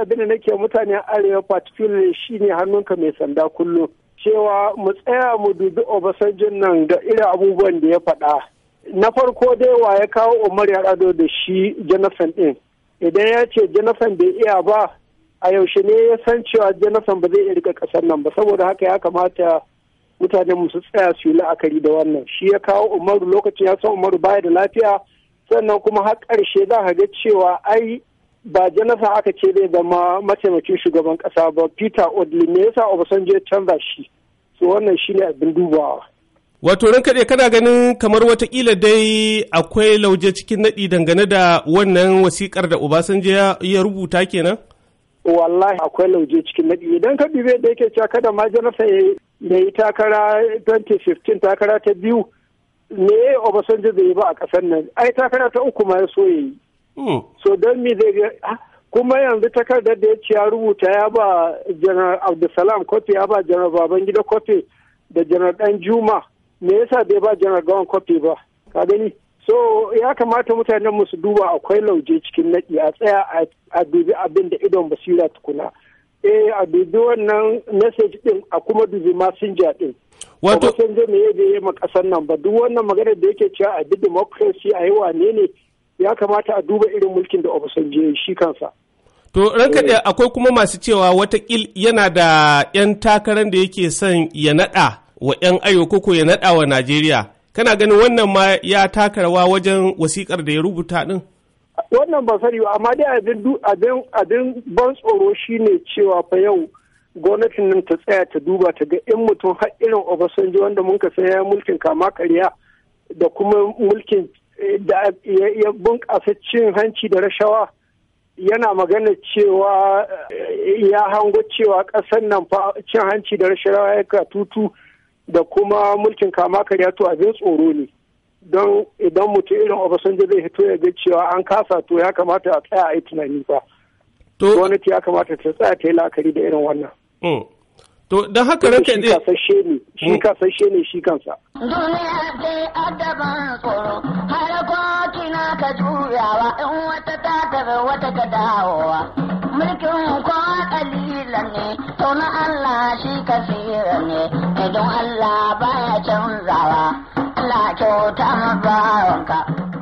abin da nake mutanen arewa particularly shine hannunka mai sanda kullum cewa mu tsaya mu dubi obasanjin nan da irin abubuwan da ya faɗa na farko dai wa ya kawo umar ya ado da shi jonathan din idan ya ce jonathan bai iya ba a yaushe ne ya san cewa jonathan ba zai iya rika kasar nan ba saboda haka ya kamata mutanen su tsaya su yi la'akari da wannan shi ya kawo umaru lokacin ya san umaru baya da lafiya sannan kuma har ƙarshe za ka ga cewa ai ba Jonathan aka ce zai zama mataimakin shugaban kasa ba Peter Odley me yasa Obasanjo ya canza shi so wannan ne abin dubawa Wato ran kaɗe kana ganin kamar watakila dai akwai lauje cikin naɗi dangane da wannan wasikar da Obasanje ya rubuta kenan? Wallahi akwai lauje cikin naɗi idan ka dube da yake cewa kada ma Jonathan ya yi takara 2015 takara ta biyu me Obasanje zai yi ba a ƙasar nan ai takara ta uku ma ya so ya yi. Hmm. so don mi zai ah, kuma yanzu takardar da ya ce ya rubuta ya ba janar abdulsalam kofi ya ba janar babangida kofi da janar dan juma me yasa bai ba janar gawan kofi ba ka gani so ya kamata mutanen musu duba akwai lauje cikin naki a tsaya a dubi abin da idon basira tukuna eh a dubi wannan message din a kuma dubi masinja din wato san je me yaje yi ma kasar nan ba duk wannan magana da yake cewa a bi democracy a yi wane ne ya kamata a duba irin mulkin da Obasanjo shi kansa. To ranka eh. da akwai kuma masu cewa watakil yana da 'yan takarar da yake son ya naɗa wa 'yan ayo koko ya naɗa wa Najeriya. Kana ganin wannan ma ya takarwa wajen wasikar da ya rubuta ɗin? Wannan ba sani ba, amma dai abin ban tsoro shi ne cewa fa yau gwamnatin nan ta tsaya ta duba ta ga in mutum har irin Obasanjo wanda mun ka saya mulkin kama karya da kuma mulkin da ya bunƙasa cin hanci da rashawa yana magana cewa eh, ya hango cewa ƙasar nan fa cin hanci da rashawa ya ka tutu da kuma mulkin kama karya to abin tsoro ne don idan mutum irin obasanjo zai hito ya ga cewa an kasa to ya kamata a tsaya a yi tunani ba gwamnati ya kamata ta tsaya ta yi la'akari da irin wannan mm. To don haka ranka ne. Shi kasashe ne, shi mm. ne shi kansa. Duniya ce in wata ta tafi wata ta dawowa mulkin kowa kalila ne to na Allah shi kasira ne idan Allah baya canzawa Allah kyauta ma